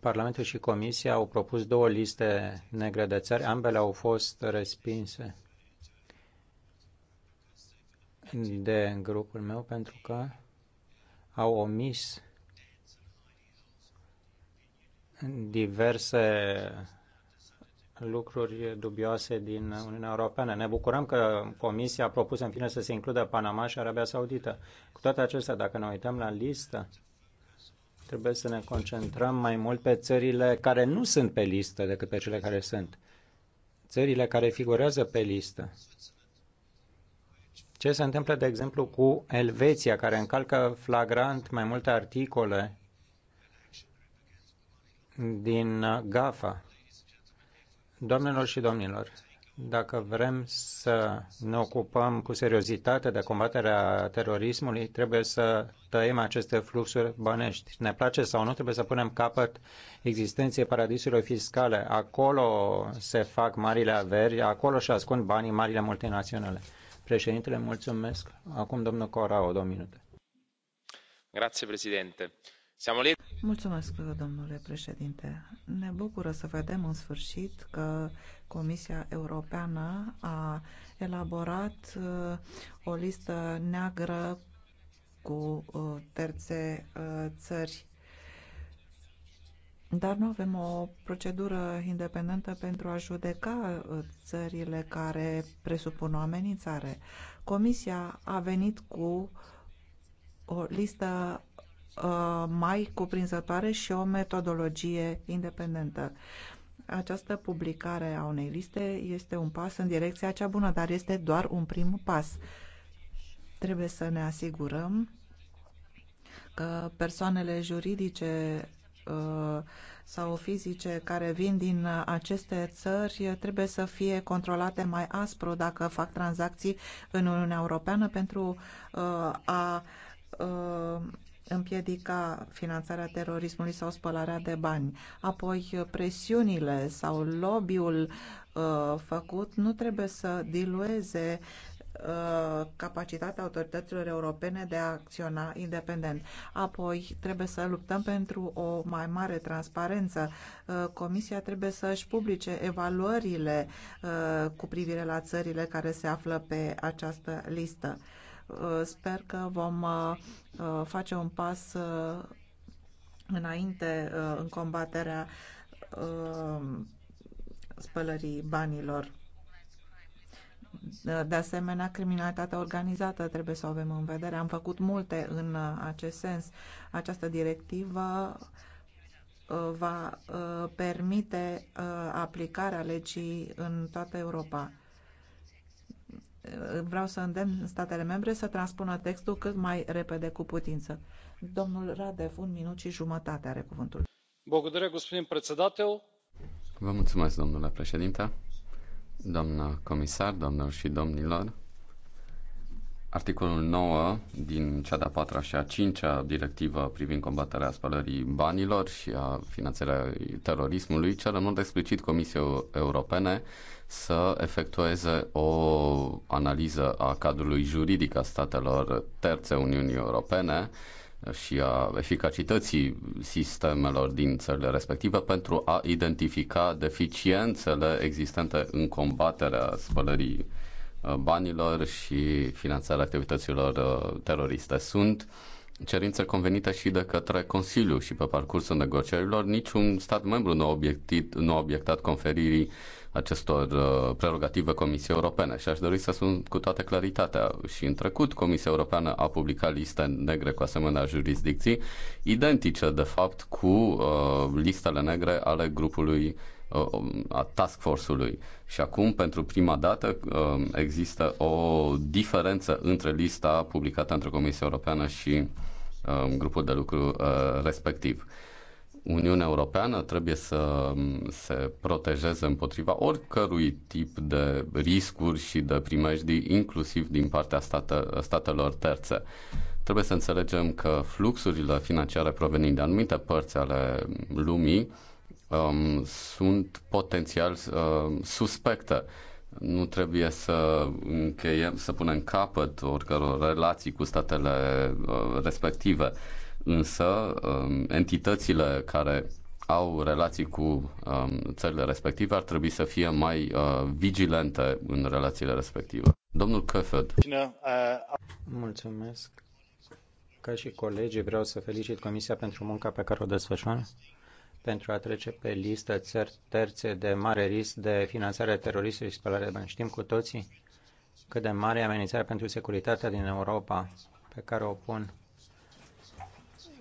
Parlamentul și Comisia au propus două liste negre de țări, ambele au fost respinse de grupul meu pentru că au omis diverse lucruri dubioase din Uniunea Europeană. Ne bucurăm că Comisia a propus în fine să se includă Panama și Arabia Saudită. Cu toate acestea, dacă ne uităm la listă, Trebuie să ne concentrăm mai mult pe țările care nu sunt pe listă decât pe cele care sunt. Țările care figurează pe listă. Ce se întâmplă, de exemplu, cu Elveția, care încalcă flagrant mai multe articole din GAFA? Doamnelor și domnilor, dacă vrem să ne ocupăm cu seriozitate de combaterea terorismului, trebuie să tăiem aceste fluxuri bănești. Ne place sau nu, trebuie să punem capăt existenței paradisurilor fiscale. Acolo se fac marile averi, acolo și ascund banii marile multinaționale. Președintele, mulțumesc. Acum domnul Corao, două minute. Grazie, președinte Mulțumesc, domnule președinte. Ne bucură să vedem în sfârșit că Comisia Europeană a elaborat uh, o listă neagră cu uh, terțe uh, țări. Dar nu avem o procedură independentă pentru a judeca țările care presupun o amenințare. Comisia a venit cu o listă Uh, mai cuprinzătoare și o metodologie independentă. Această publicare a unei liste este un pas în direcția cea bună, dar este doar un prim pas. Trebuie să ne asigurăm că persoanele juridice uh, sau fizice care vin din aceste țări trebuie să fie controlate mai aspru dacă fac tranzacții în Uniunea Europeană pentru uh, a împiedica finanțarea terorismului sau spălarea de bani. Apoi presiunile sau lobby-ul uh, făcut nu trebuie să dilueze uh, capacitatea autorităților europene de a acționa independent. Apoi trebuie să luptăm pentru o mai mare transparență. Uh, Comisia trebuie să își publice evaluările uh, cu privire la țările care se află pe această listă. Uh, sper că vom uh, uh, face un pas înainte în combaterea spălării banilor. De asemenea, criminalitatea organizată trebuie să o avem în vedere. Am făcut multe în acest sens. Această directivă va permite aplicarea legii în toată Europa vreau să îndemn statele membre să transpună textul cât mai repede cu putință. Domnul Radev, un minut și jumătate are cuvântul. Vă mulțumesc, domnule președinte, doamna comisar, doamnelor și domnilor. Articolul 9 din cea de-a patra și a cincea directivă privind combaterea spălării banilor și a finanțării terorismului cere în mod explicit Comisiei Europene să efectueze o analiză a cadrului juridic a statelor terțe Uniunii Europene și a eficacității sistemelor din țările respective pentru a identifica deficiențele existente în combaterea spălării uh, banilor și finanțarea activităților uh, teroriste. Sunt cerințe convenite și de către Consiliu și pe parcursul negocierilor niciun stat membru nu a, obiectit, nu a obiectat conferirii acestor uh, prerogative Comisiei Europene și aș dori să sun cu toată claritatea. Și în trecut Comisia Europeană a publicat liste negre cu asemenea jurisdicții, identice de fapt cu uh, listele negre ale grupului uh, um, a task force-ului. Și acum, pentru prima dată, um, există o diferență între lista publicată între Comisia Europeană și um, grupul de lucru uh, respectiv. Uniunea Europeană trebuie să mm, se protejeze împotriva oricărui tip de riscuri și de primejdii, inclusiv din partea state, statelor terțe. Trebuie să înțelegem că fluxurile financiare provenind de anumite părți ale lumii um, sunt potențial uh, suspecte. Nu trebuie să încheiem, să punem capăt oricăror relații cu statele uh, respective. Uh, însă um, entitățile care au relații cu um, țările respective ar trebui să fie mai uh, vigilente în relațiile respective. Domnul Căfăd. Mulțumesc. Ca și colegii vreau să felicit Comisia pentru munca pe care o desfășoară pentru a trece pe listă țări terțe de mare risc de finanțare teroristă și spălare de bani. Știm cu toții cât de mare e amenințarea pentru securitatea din Europa pe care o pun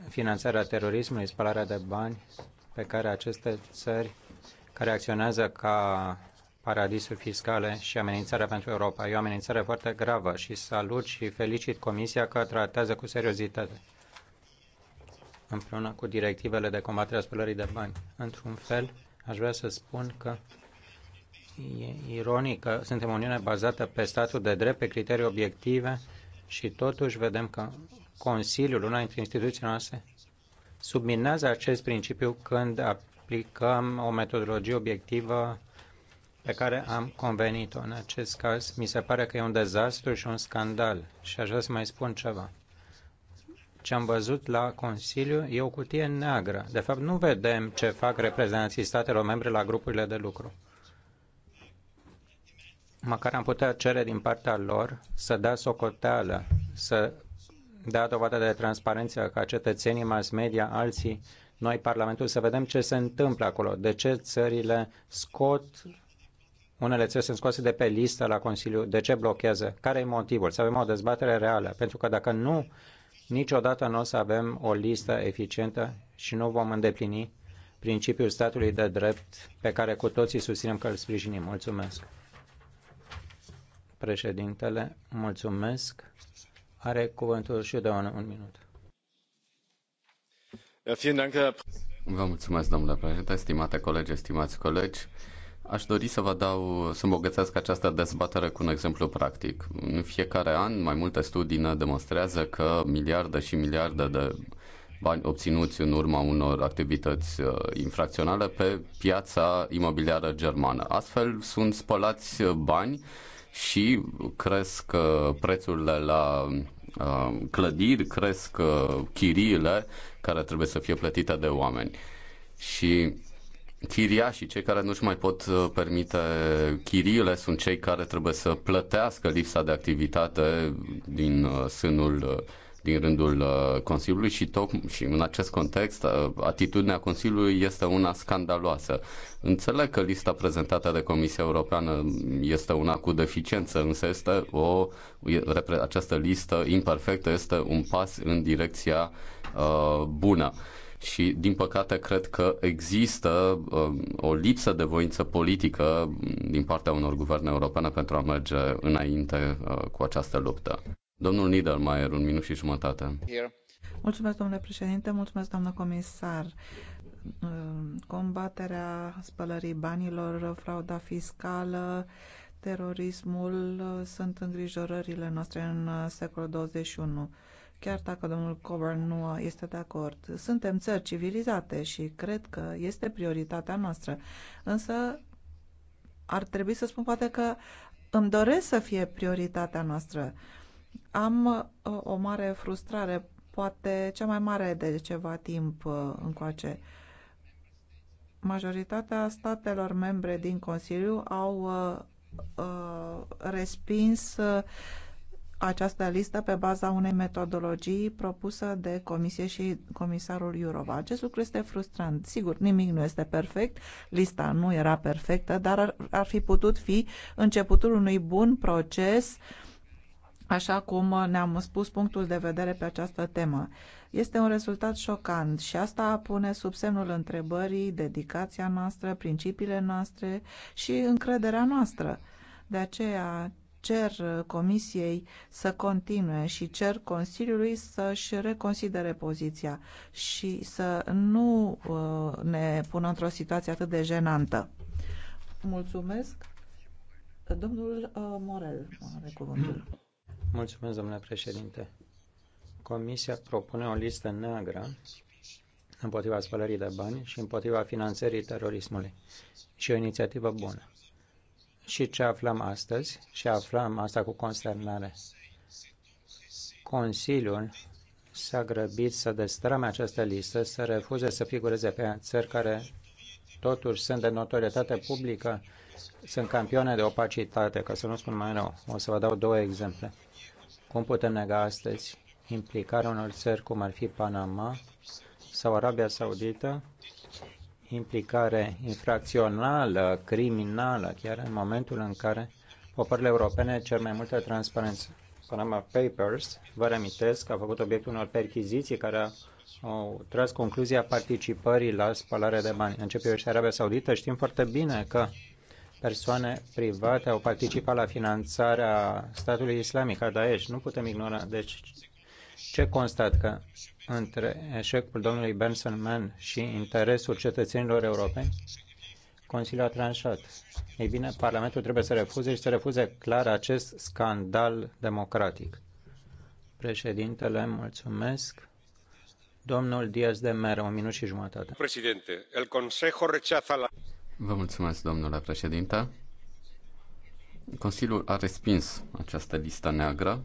finanțarea terorismului, spălarea de bani, pe care aceste țări care acționează ca paradisuri fiscale și amenințarea pentru Europa. E o amenințare foarte gravă și salut și felicit Comisia că tratează cu seriozitate împreună cu directivele de combatere a spălării de bani. Într-un fel, aș vrea să spun că e ironic că suntem o Uniune bazată pe statul de drept, pe criterii obiective și totuși vedem că Consiliul, una dintre instituțiile noastre, subminează acest principiu când aplicăm o metodologie obiectivă pe care am convenit-o. În acest caz, mi se pare că e un dezastru și un scandal. Și aș vrea să mai spun ceva. Ce am văzut la Consiliu e o cutie neagră. De fapt, nu vedem ce fac reprezentanții statelor membre la grupurile de lucru măcar am putea cere din partea lor să dea socoteală, să dea dovadă de transparență ca cetățenii, mass media, alții, noi, Parlamentul, să vedem ce se întâmplă acolo, de ce țările scot unele țări sunt scoase de pe listă la Consiliu. De ce blochează? Care e motivul? Să avem o dezbatere reală. Pentru că dacă nu, niciodată nu o să avem o listă eficientă și nu vom îndeplini principiul statului de drept pe care cu toții susținem că îl sprijinim. Mulțumesc! Președintele, mulțumesc. Are cuvântul și de un, un minut. Vă mulțumesc, domnule președinte, stimate colegi, stimați colegi. Aș dori să vă dau, să îmbogățesc această dezbatere cu un exemplu practic. În fiecare an, mai multe studii ne demonstrează că miliarde și miliarde de bani obținuți în urma unor activități uh, infracționale pe piața imobiliară germană. Astfel sunt spălați uh, bani și cresc uh, prețurile la uh, clădiri, cresc uh, chiriile care trebuie să fie plătite de oameni. Și chiriașii, cei care nu-și mai pot permite chiriile, sunt cei care trebuie să plătească lipsa de activitate din sânul din rândul uh, Consiliului și, toc- și în acest context uh, atitudinea Consiliului este una scandaloasă. Înțeleg că lista prezentată de Comisia Europeană este una cu deficiență, însă este o, această listă imperfectă este un pas în direcția uh, bună și din păcate cred că există uh, o lipsă de voință politică din partea unor guverne europene pentru a merge înainte uh, cu această luptă. Domnul Niedermayer, un minut și jumătate. Mulțumesc, domnule președinte, mulțumesc, doamnă comisar combaterea spălării banilor, frauda fiscală, terorismul sunt îngrijorările noastre în secolul 21. Chiar dacă domnul Coburn nu este de acord, suntem țări civilizate și cred că este prioritatea noastră. Însă ar trebui să spun poate că îmi doresc să fie prioritatea noastră. Am uh, o mare frustrare, poate cea mai mare de ceva timp uh, încoace. Majoritatea statelor membre din Consiliu au uh, respins această listă pe baza unei metodologii propusă de Comisie și comisarul Iurova. Acest lucru este frustrant. Sigur, nimic nu este perfect, lista nu era perfectă, dar ar, ar fi putut fi începutul unui bun proces uh, așa cum ne-am spus punctul de vedere pe această temă. Este un rezultat șocant și asta pune sub semnul întrebării dedicația noastră, principiile noastre și încrederea noastră. De aceea cer Comisiei să continue și cer Consiliului să-și reconsidere poziția și să nu uh, ne pună într-o situație atât de jenantă. Mulțumesc. Domnul uh, Morel are cuvântul. Mulțumesc, domnule președinte. Comisia propune o listă neagră împotriva spălării de bani și împotriva finanțării terorismului. Și o inițiativă bună. Și ce aflăm astăzi? Și aflăm asta cu consternare. Consiliul s-a grăbit să destrame această listă, să refuze să figureze pe țări care totuși sunt de notorietate publică, sunt campioane de opacitate, ca să nu spun mai rău. O să vă dau două exemple. Cum putem nega astăzi implicarea unor țări cum ar fi Panama sau Arabia Saudită, implicare infracțională, criminală, chiar în momentul în care poporile europene cer mai multă transparență? Panama Papers, vă reamintesc, a făcut obiectul unor perchiziții care au tras concluzia participării la spălare de bani. Începe și Arabia Saudită, știm foarte bine că persoane private au participat la finanțarea statului islamic, a Daesh. Nu putem ignora. Deci, ce constat că între eșecul domnului Benson Mann și interesul cetățenilor europeni, Consiliul a tranșat. Ei bine, Parlamentul trebuie să refuze și să refuze clar acest scandal democratic. Președintele, mulțumesc. Domnul Diaz de Mera, un minut și jumătate. Președinte, el Consejo rechaza la... Vă mulțumesc, domnule președinte. Consiliul a respins această listă neagră,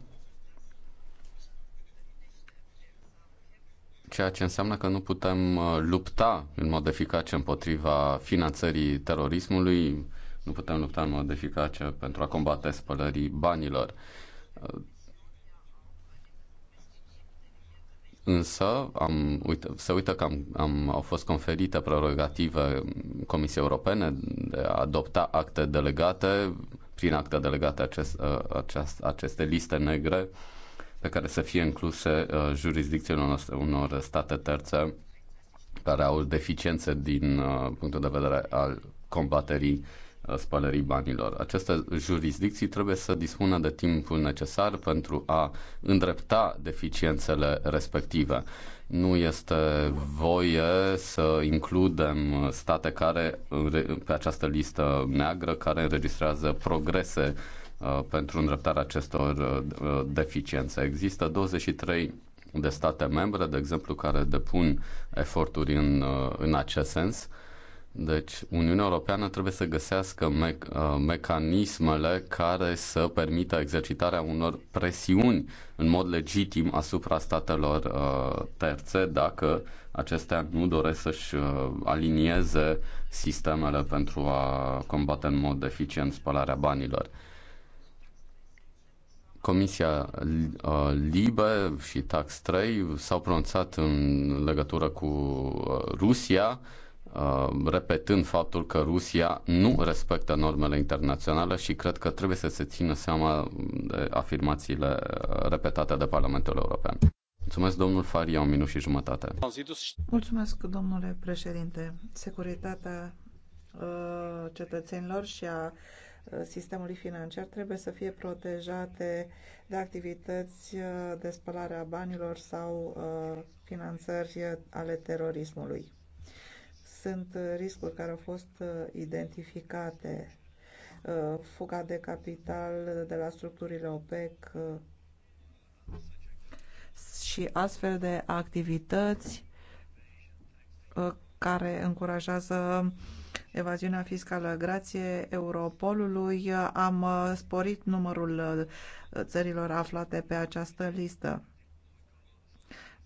ceea ce înseamnă că nu putem uh, lupta în mod eficace împotriva finanțării terorismului, nu putem lupta în mod eficace pentru a combate spălării banilor. Uh, Însă am, uite, se uită că am, am, au fost conferite prerogative Comisiei Europene de a adopta acte delegate, prin acte delegate acest, uh, acest, aceste liste negre pe care să fie incluse uh, jurisdicțiile noastre, unor state terțe care au deficiențe din uh, punctul de vedere al combaterii spălării banilor. Aceste jurisdicții trebuie să dispună de timpul necesar pentru a îndrepta deficiențele respective. Nu este voie să includem state care pe această listă neagră care înregistrează progrese uh, pentru îndreptarea acestor uh, deficiențe. Există 23 de state membre, de exemplu, care depun eforturi în, uh, în acest sens deci, Uniunea Europeană trebuie să găsească me- uh, mecanismele care să permită exercitarea unor presiuni în mod legitim asupra statelor uh, terțe dacă acestea nu doresc să-și uh, alinieze sistemele pentru a combate în mod eficient spălarea banilor. Comisia uh, Libe și Tax 3 s-au pronunțat în legătură cu uh, Rusia Uh, repetând faptul că Rusia nu respectă normele internaționale și cred că trebuie să se țină seama de afirmațiile uh, repetate de Parlamentul European. Mulțumesc, domnul Faria, un minut și jumătate. Mulțumesc, domnule președinte. Securitatea uh, cetățenilor și a sistemului financiar trebuie să fie protejate de activități de spălare a banilor sau finanțări ale terorismului sunt uh, riscuri care au fost uh, identificate. Uh, fuga de capital de la structurile OPEC și astfel de activități care încurajează evaziunea fiscală. Grație Europolului am sporit numărul țărilor aflate pe această listă.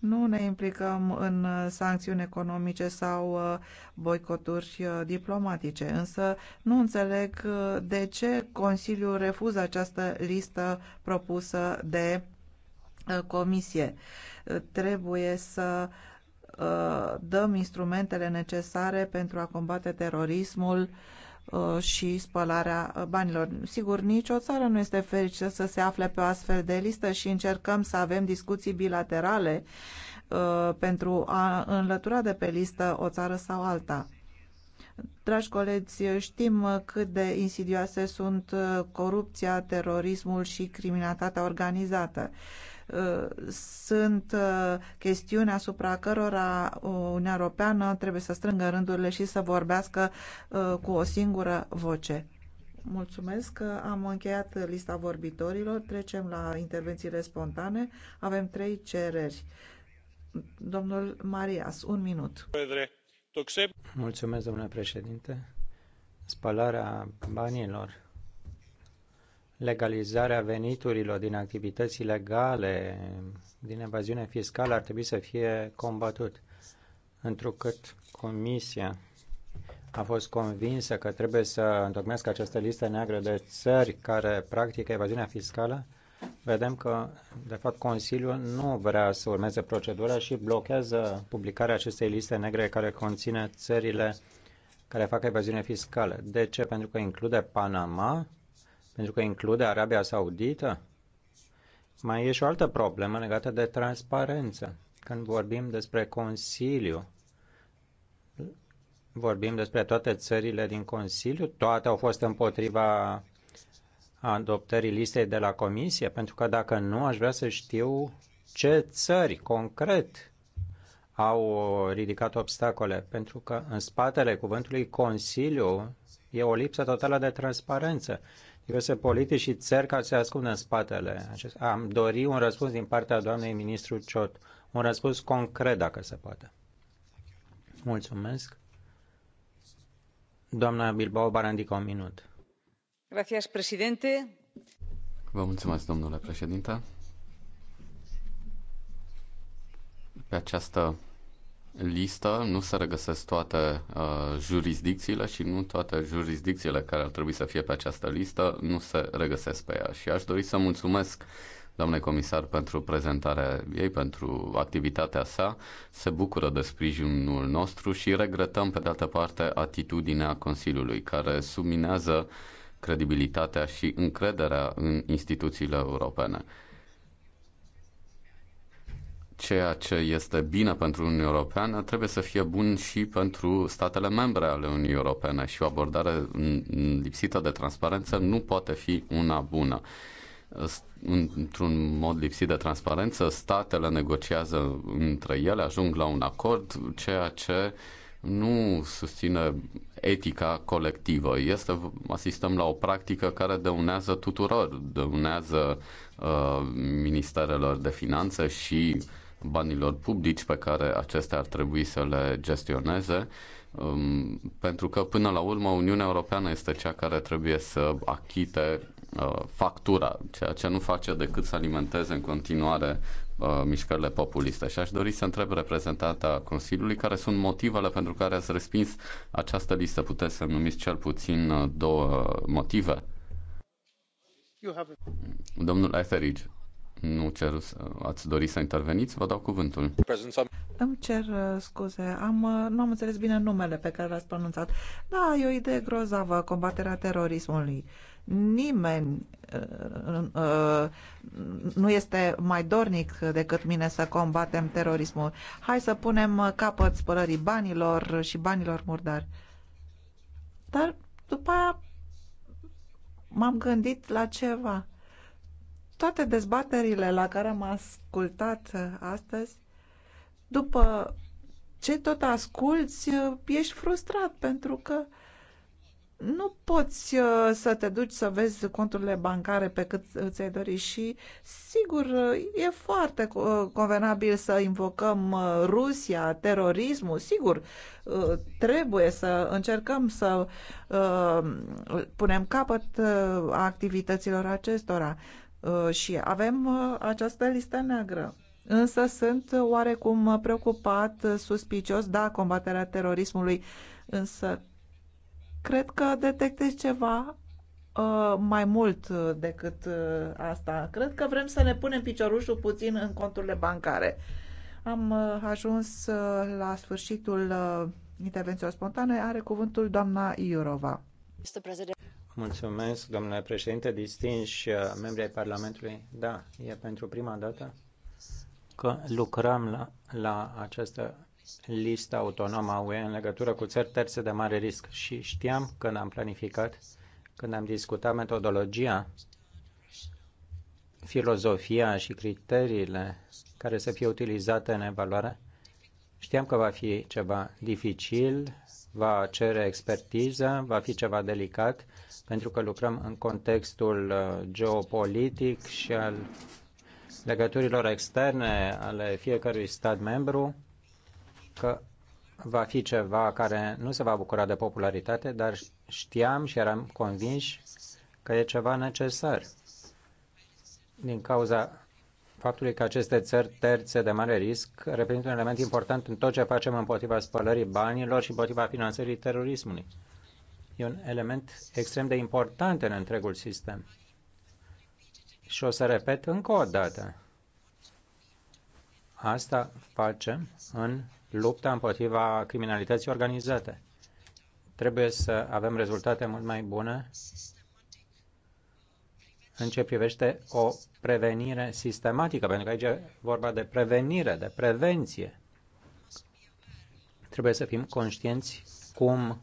Nu ne implicăm în uh, sancțiuni economice sau uh, boicoturi uh, diplomatice, însă nu înțeleg de ce Consiliul refuză această listă propusă de Comisie. Trebuie să dăm instrumentele necesare pentru a combate terorismul Uh, și spălarea uh, banilor. Sigur, nicio țară nu este fericită să se afle pe o astfel de listă și încercăm să avem discuții bilaterale uh, pentru a înlătura de pe listă o țară sau alta. Dragi colegi, știm cât de insidioase sunt corupția, terorismul și criminalitatea organizată sunt uh, chestiuni asupra cărora uh, Uniunea Europeană trebuie să strângă rândurile și să vorbească uh, cu o singură voce. Mulțumesc că am încheiat lista vorbitorilor. Trecem la intervențiile spontane. Avem trei cereri. Domnul Marias, un minut. Mulțumesc, domnule președinte. Spalarea banilor legalizarea veniturilor din activități ilegale, din evaziune fiscală, ar trebui să fie combătut. întrucât Comisia a fost convinsă că trebuie să întocmească această listă neagră de țări care practică evaziunea fiscală, vedem că, de fapt, Consiliul nu vrea să urmeze procedura și blochează publicarea acestei liste negre care conține țările care fac evaziune fiscală. De ce? Pentru că include Panama, pentru că include Arabia Saudită. Mai e și o altă problemă legată de transparență. Când vorbim despre Consiliu, vorbim despre toate țările din Consiliu, toate au fost împotriva adoptării listei de la Comisie, pentru că dacă nu, aș vrea să știu ce țări concret au ridicat obstacole, pentru că în spatele cuvântului Consiliu e o lipsă totală de transparență diverse politici și țări care se ascund în spatele Am dori un răspuns din partea doamnei ministru Ciot, un răspuns concret, dacă se poate. Mulțumesc. Doamna Bilbao Barandica, un minut. Gracias, președinte. Vă mulțumesc, domnule președinte. Pe această listă nu se regăsesc toate uh, jurisdicțiile și nu toate jurisdicțiile care ar trebui să fie pe această listă nu se regăsesc pe ea. Și aș dori să mulțumesc doamnei comisar pentru prezentarea ei, pentru activitatea sa. Se bucură de sprijinul nostru și regretăm, pe de altă parte, atitudinea Consiliului, care subminează credibilitatea și încrederea în instituțiile europene ceea ce este bine pentru Uniunea Europeană trebuie să fie bun și pentru statele membre ale Uniunii Europene și o abordare lipsită de transparență nu poate fi una bună. Într-un mod lipsit de transparență, statele negociază între ele, ajung la un acord, ceea ce nu susține etica colectivă. Este, asistăm la o practică care dăunează tuturor, dăunează uh, ministerelor de finanțe și uh, banilor publici pe care acestea ar trebui să le gestioneze, um, pentru că până la urmă Uniunea Europeană este cea care trebuie să achite uh, factura, ceea ce nu face decât să alimenteze în continuare uh, mișcările populiste. Și aș dori să întreb reprezentanta Consiliului care sunt motivele pentru care ați respins această listă. Puteți să numiți cel puțin uh, două motive? Domnul Etheridge, nu cer, ați dori să interveniți, vă dau cuvântul. Îmi cer uh, scuze, am, uh, nu am înțeles bine numele pe care l-ați pronunțat. Da, e o idee grozavă, combaterea terorismului. Nimeni uh, uh, nu este mai dornic decât mine să combatem terorismul. Hai să punem capăt spălării banilor și banilor murdari. Dar după aia m-am gândit la ceva toate dezbaterile la care am ascultat astăzi, după ce tot asculți, ești frustrat pentru că nu poți uh, să te duci să vezi conturile bancare pe cât ți-ai dori și sigur e foarte uh, convenabil să invocăm uh, Rusia, terorismul, sigur trebuie să încercăm să punem capăt activităților acestora Uh, și avem uh, această listă neagră. Însă sunt oarecum preocupat, uh, suspicios, da, combaterea terorismului, însă cred că detectez ceva uh, mai mult decât uh, asta. Cred că vrem să ne punem piciorușul puțin în conturile bancare. Am uh, ajuns uh, la sfârșitul uh, intervențiilor spontane. Are cuvântul doamna Iurova. Mulțumesc, domnule președinte, distinși uh, membri ai Parlamentului. Da, e pentru prima dată că lucrăm la, la această listă autonomă a UE în legătură cu țări terțe de mare risc și știam când am planificat, când am discutat metodologia, filozofia și criteriile care să fie utilizate în evaluare, Știam că va fi ceva dificil, va cere expertiză, va fi ceva delicat, pentru că lucrăm în contextul uh, geopolitic și al legăturilor externe ale fiecărui stat membru, că va fi ceva care nu se va bucura de popularitate, dar știam și eram convinși că e ceva necesar din cauza faptului că aceste țări terțe de mare risc reprezintă un element important în tot ce facem împotriva spălării banilor și împotriva finanțării terorismului. E un element extrem de important în întregul sistem. Și o să repet încă o dată. Asta facem în lupta împotriva criminalității organizate. Trebuie să avem rezultate mult mai bune în ce privește o prevenire sistematică, pentru că aici e vorba de prevenire, de prevenție. Trebuie să fim conștienți cum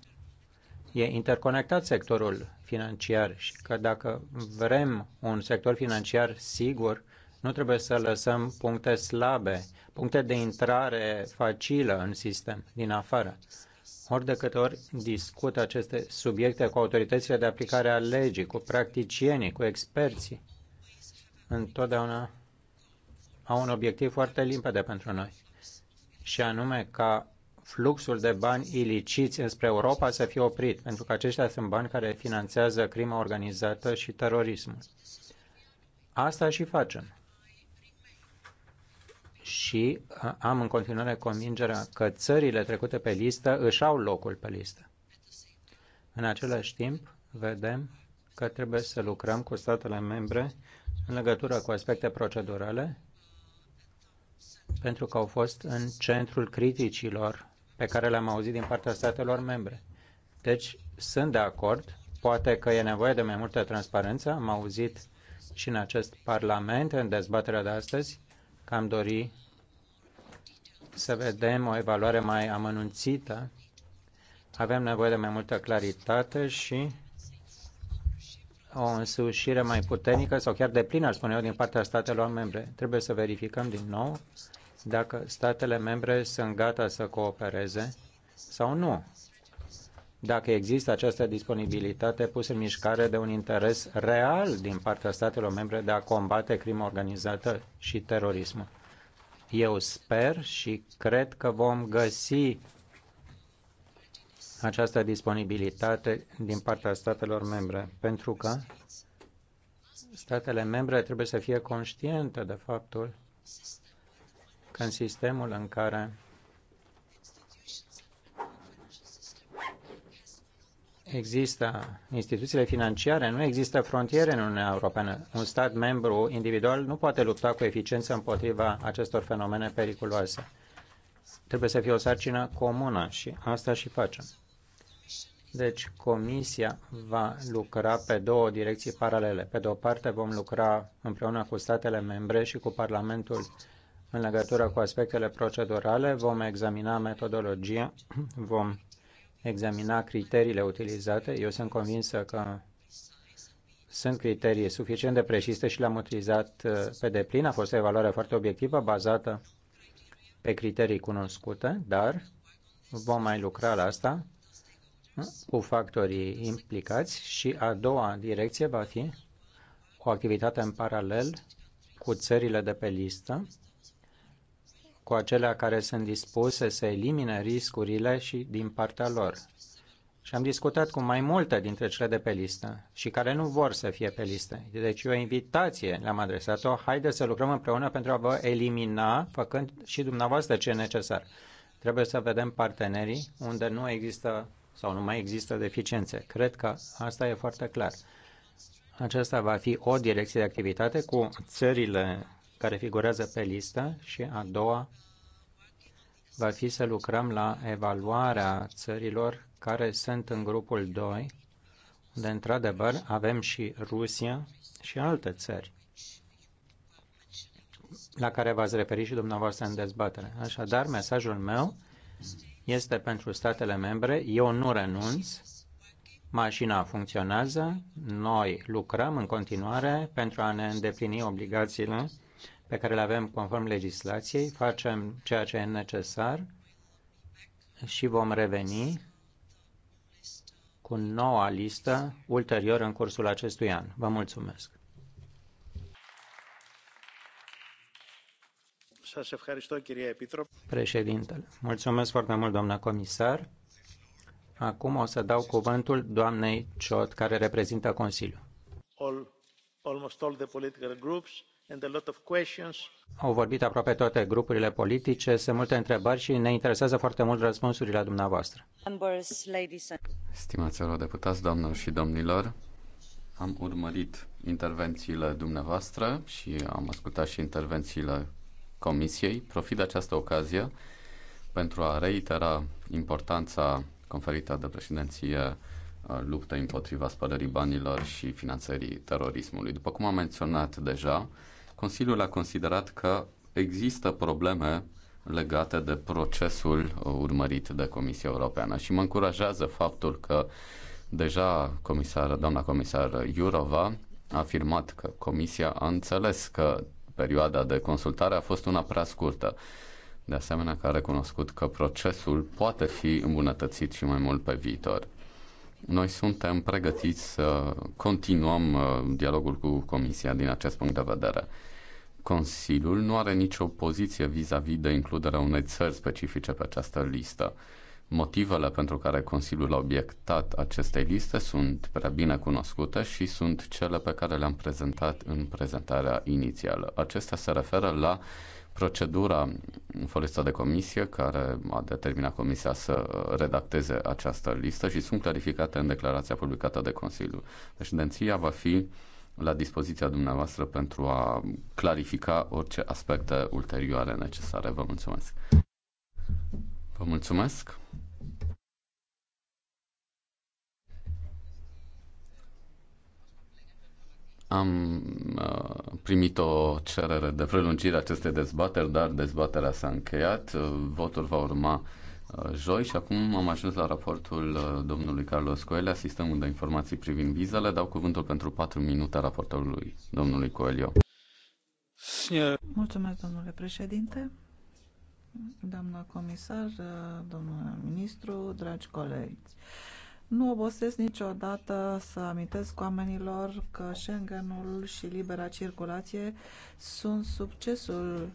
e interconectat sectorul financiar și că dacă vrem un sector financiar sigur, nu trebuie să lăsăm puncte slabe, puncte de intrare facilă în sistem din afară. Ori de câte ori discut aceste subiecte cu autoritățile de aplicare a legii, cu practicienii, cu experții, întotdeauna au un obiectiv foarte limpede pentru noi, și anume ca fluxul de bani iliciți înspre Europa să fie oprit, pentru că aceștia sunt bani care finanțează crima organizată și terorismul. Asta și facem și am în continuare convingerea că țările trecute pe listă își au locul pe listă. În același timp, vedem că trebuie să lucrăm cu statele membre în legătură cu aspecte procedurale, pentru că au fost în centrul criticilor pe care le-am auzit din partea statelor membre. Deci, sunt de acord, poate că e nevoie de mai multă transparență, am auzit și în acest Parlament, în dezbaterea de astăzi, că am dori să vedem o evaluare mai amănunțită. Avem nevoie de mai multă claritate și o însușire mai puternică sau chiar de plină, spune eu, din partea statelor membre. Trebuie să verificăm din nou dacă statele membre sunt gata să coopereze sau nu dacă există această disponibilitate pusă în mișcare de un interes real din partea statelor membre de a combate crima organizată și terorismul. Eu sper și cred că vom găsi această disponibilitate din partea statelor membre, pentru că statele membre trebuie să fie conștiente de faptul că în sistemul în care există instituțiile financiare, nu există frontiere în Uniunea Europeană. Un stat membru individual nu poate lupta cu eficiență împotriva acestor fenomene periculoase. Trebuie să fie o sarcină comună și asta și facem. Deci, Comisia va lucra pe două direcții paralele. Pe de o parte, vom lucra împreună cu statele membre și cu Parlamentul în legătură cu aspectele procedurale, vom examina metodologia, vom examina criteriile utilizate. Eu sunt convinsă că sunt criterii suficient de precise și le-am utilizat uh, pe deplin. A fost o evaluare foarte obiectivă, bazată pe criterii cunoscute, dar vom mai lucra la asta uh, cu factorii implicați și a doua direcție va fi o activitate în paralel cu țările de pe listă cu acelea care sunt dispuse să elimine riscurile și din partea lor. Și am discutat cu mai multe dintre cele de pe listă și care nu vor să fie pe listă. Deci o invitație le-am adresat-o. Haideți să lucrăm împreună pentru a vă elimina, făcând și dumneavoastră ce e necesar. Trebuie să vedem partenerii unde nu există sau nu mai există deficiențe. Cred că asta e foarte clar. Aceasta va fi o direcție de activitate cu țările care figurează pe listă și a doua va fi să lucrăm la evaluarea țărilor care sunt în grupul 2, unde într-adevăr avem și Rusia și alte țări la care v-ați referit și dumneavoastră în dezbatere. Așadar, mesajul meu este pentru statele membre, eu nu renunț, Mașina funcționează, noi lucrăm în continuare pentru a ne îndeplini obligațiile pe care le avem conform legislației, facem ceea ce e necesar și vom reveni cu noua listă ulterior în cursul acestui an. Vă mulțumesc! Președintele, mulțumesc foarte mult, doamna comisar. Acum o să dau cuvântul doamnei Ciot, care reprezintă Consiliul. All, almost all the political groups and a lot of questions. Au vorbit aproape toate grupurile politice, sunt multe întrebări și ne interesează foarte mult răspunsurile dumneavoastră. Stimați deputați doamnelor și domnilor, am urmărit intervențiile dumneavoastră și am ascultat și intervențiile Comisiei. Profit de această ocazie pentru a reitera importanța conferită de președinție uh, luptă împotriva spălării banilor și finanțării terorismului. După cum am menționat deja, Consiliul a considerat că există probleme legate de procesul urmărit de Comisia Europeană și mă încurajează faptul că deja comisar, doamna comisar Jurova a afirmat că Comisia a înțeles că perioada de consultare a fost una prea scurtă de asemenea că a recunoscut că procesul poate fi îmbunătățit și mai mult pe viitor. Noi suntem pregătiți să continuăm uh, dialogul cu Comisia din acest punct de vedere. Consiliul nu are nicio poziție vis-a-vis -vis de includerea unei țări specifice pe această listă. Motivele pentru care Consiliul a obiectat acestei liste sunt prea bine cunoscute și sunt cele pe care le-am prezentat în prezentarea inițială. Acestea se referă la uh, procedura folosită de comisie, care a determinat comisia să redacteze această listă și sunt clarificate în declarația publicată de Consiliu. Președinția deci, va fi la dispoziția dumneavoastră pentru a clarifica orice aspecte ulterioare necesare. Vă mulțumesc! Vă mulțumesc! Am uh, primit o cerere de prelungire a acestei dezbateri, dar dezbaterea s-a încheiat. Uh, votul va urma uh, joi și acum am ajuns la raportul domnului Carlos Coelho, sistemul de informații privind vizele. Dau cuvântul pentru 4 minute raportorului domnului Coelho. Mulțumesc, domnule președinte, doamna comisar, domnule ministru, dragi colegi. Nu obosesc niciodată să amintesc oamenilor că Schengenul și libera circulație sunt succesul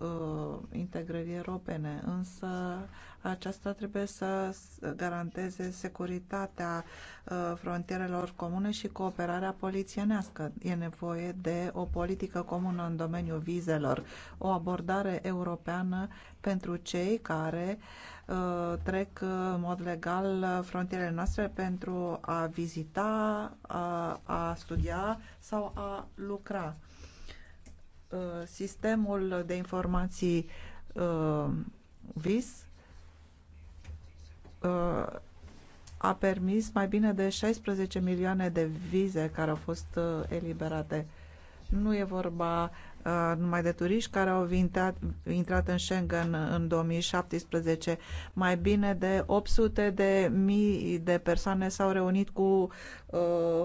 uh, integrării europene, însă aceasta trebuie să garanteze securitatea uh, frontierelor comune și cooperarea polițienească. E nevoie de o politică comună în domeniul vizelor, o abordare europeană pentru cei care uh, Uh, trec uh, în mod legal uh, frontierele noastre pentru a vizita, a, a studia sau a lucra. Sistemul de informații VIS a permis mai bine de 16 milioane de vize care au fost eliberate. Nu e vorba Uh, numai de turiști care au vintat, intrat în Schengen în 2017. Mai bine de 800 de mii de persoane s-au reunit cu uh,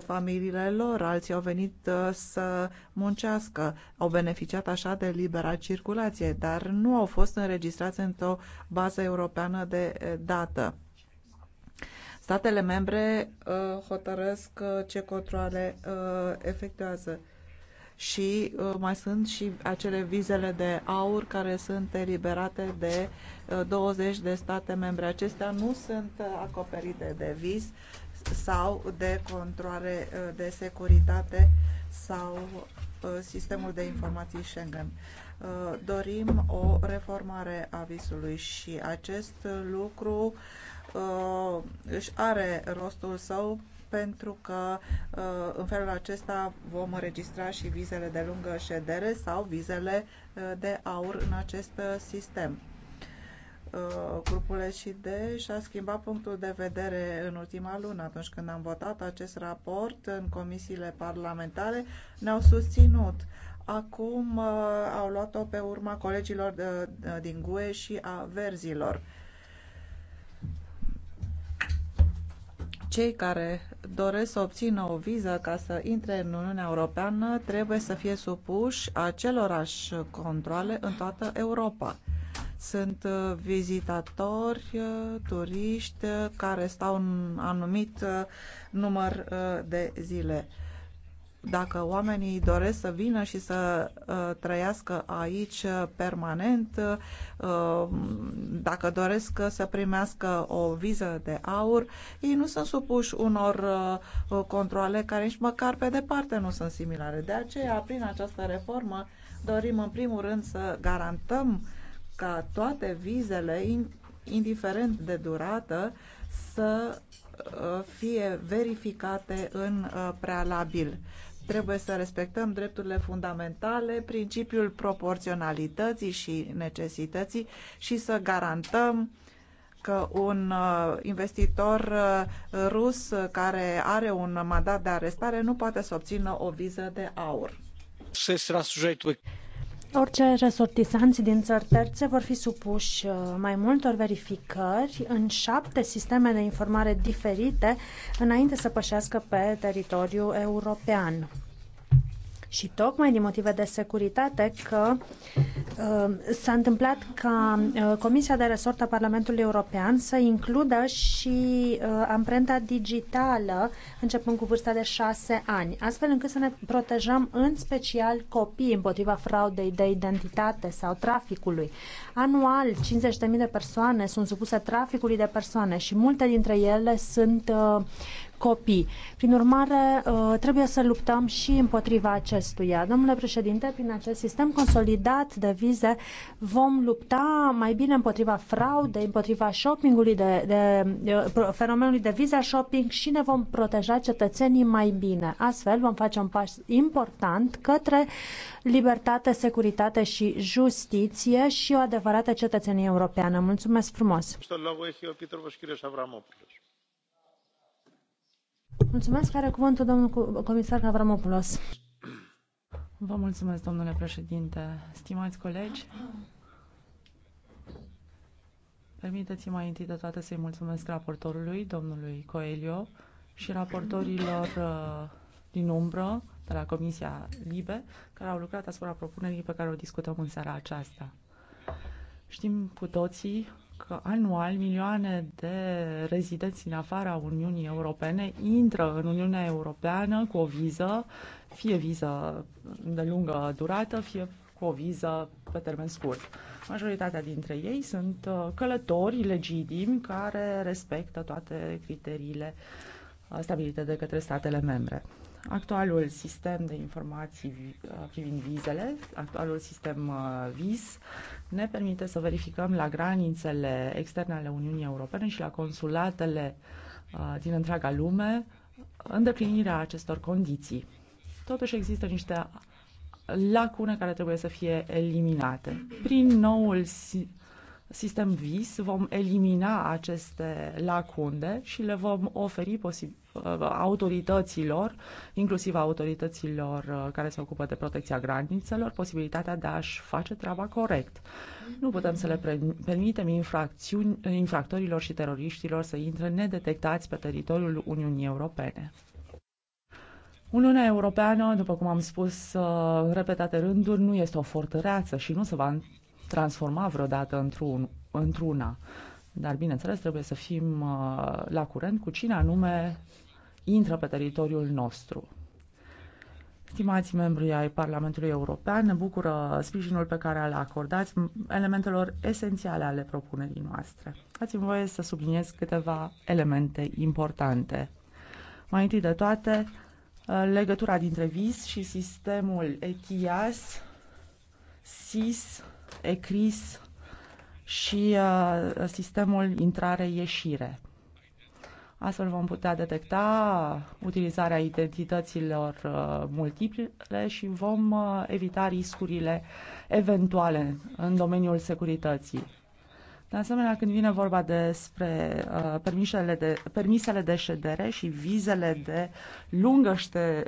familiile lor, alții au venit uh, să muncească. Au beneficiat așa de libera circulație, dar nu au fost înregistrați într-o bază europeană de eh, dată statele membre hotărăsc ce controle efectuează și uh, mai sunt și acele vizele de aur care sunt eliberate de 20 uh, de state membre. Acestea nu sunt uh, acoperite de viz sau de controle de securitate sau sistemul de informații Schengen. Dorim o reformare a visului și acest lucru își are rostul său pentru că uh, în felul acesta vom înregistra și vizele de lungă ședere sau vizele uh, de aur în acest uh, sistem grupul SID și-a schimbat punctul de vedere în ultima lună atunci când am votat acest raport în comisiile parlamentare ne-au susținut acum au luat-o pe urma colegilor de, de, din GUE și a verzilor cei care doresc să obțină o viză ca să intre în Uniunea Europeană trebuie să fie supuși acelorași controle în toată Europa. Sunt uh, vizitatori, uh, turiști uh, care stau un anumit număr de zile dacă oamenii doresc să vină și să uh, trăiască aici uh, permanent, uh, dacă doresc să primească o viză de aur, ei nu sunt supuși unor uh, controle care nici măcar pe departe nu sunt similare. De aceea, prin această reformă, dorim în primul rând să garantăm ca toate vizele, indiferent de durată, să uh, fie verificate în uh, prealabil. Trebuie să respectăm drepturile fundamentale, principiul proporționalității și necesității și să garantăm că un uh, investitor uh, rus care are un mandat de arestare nu poate să obțină o viză de aur. Orice resortisanți din țări terțe vor fi supuși uh, mai multor verificări în șapte sisteme de informare diferite înainte să pășească pe teritoriul european. Și tocmai din motive de securitate că uh, s-a întâmplat ca uh, Comisia de Resort a Parlamentului European să includă și uh, amprenta digitală începând cu vârsta de șase ani, astfel încât să ne protejăm în special copiii împotriva fraudei de identitate sau traficului. Anual, 50.000 de persoane sunt supuse traficului de persoane și multe dintre ele sunt uh, copii. Prin urmare, uh, trebuie să luptăm și împotriva acestuia. Domnule președinte, prin acest sistem consolidat de vize vom lupta mai bine împotriva fraudei, împotriva shoppingului de, de, de uh, fenomenului de viza shopping și ne vom proteja cetățenii mai bine. Astfel vom face un pas important către libertate, securitate și justiție și o adevărată cetățenie europeană. Mulțumesc frumos! Mulțumesc. Are cuvântul domnul comisar Cavramopoulos. Vă mulțumesc, domnule președinte. Stimați colegi, permiteți-mi mai întâi de toate să-i mulțumesc raportorului, domnului Coelho, și raportorilor uh, din umbră de la Comisia Libe, care au lucrat asupra propunerii pe care o discutăm în seara aceasta. Știm cu toții că anual milioane de rezidenți în afara Uniunii Europene intră în Uniunea Europeană cu o viză, fie viză de lungă durată, fie cu o viză pe termen scurt. Majoritatea dintre ei sunt uh, călători legitimi care respectă toate criteriile uh, stabilite de către statele membre actualul sistem de informații uh, privind vizele, actualul sistem uh, VIS, ne permite să verificăm la granițele externe ale Uniunii Europene și la consulatele uh, din întreaga lume îndeplinirea acestor condiții. Totuși există niște lacune care trebuie să fie eliminate. Prin noul sistem VIS vom elimina aceste lacune și le vom oferi posibil autorităților, inclusiv autorităților uh, care se ocupă de protecția granițelor, posibilitatea de a-și face treaba corect. Nu putem să le permitem infractorilor și teroriștilor să intre nedetectați pe teritoriul Uniunii Europene. Uniunea Europeană, după cum am spus în uh, repetate rânduri, nu este o fortăreață și nu se va transforma vreodată într într-una. Dar, bineînțeles, trebuie să fim uh, la curent cu cine anume intră pe teritoriul nostru. Stimați membri ai Parlamentului European, ne bucură sprijinul pe care îl acordați elementelor esențiale ale propunerii noastre. Ați mi voie să subliniez câteva elemente importante. Mai întâi de toate, legătura dintre VIS și sistemul ECHIAS, SIS, ECRIS și uh, sistemul intrare-ieșire. Astfel vom putea detecta utilizarea identităților uh, multiple și vom uh, evita riscurile eventuale în domeniul securității. De asemenea, când vine vorba despre uh, permisele, de, permisele de ședere și vizele de lungă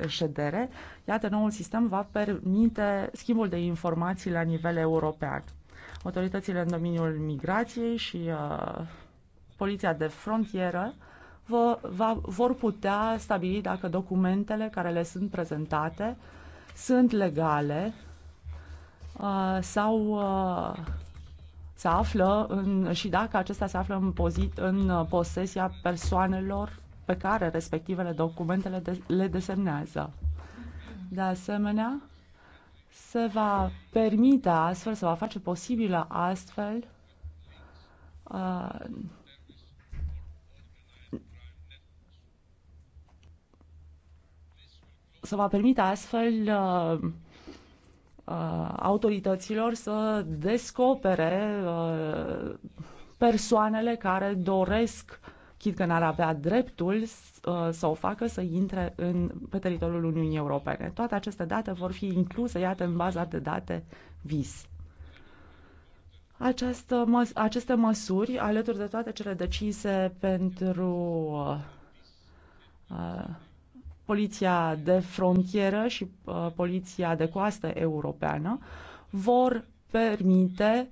ședere, iată, noul sistem va permite schimbul de informații la nivel european. Autoritățile în domeniul migrației și uh, poliția de frontieră uh, vă, va, vor putea stabili dacă documentele care le sunt prezentate sunt legale uh, sau uh, se află în, și dacă acestea se află în, pozit, în uh, posesia persoanelor pe care respectivele documentele de, le desemnează. De asemenea, se va permite astfel, se va face posibilă astfel uh, să va permite astfel uh, uh, autorităților să descopere uh, persoanele care doresc, chit că n-ar avea dreptul, să o facă să intre în, pe teritoriul Uniunii Europene. Toate aceste date vor fi incluse, iată, în baza de date VIS. Această, mă, aceste măsuri, alături de toate cele decise pentru uh, poliția de frontieră și uh, poliția de coastă europeană vor permite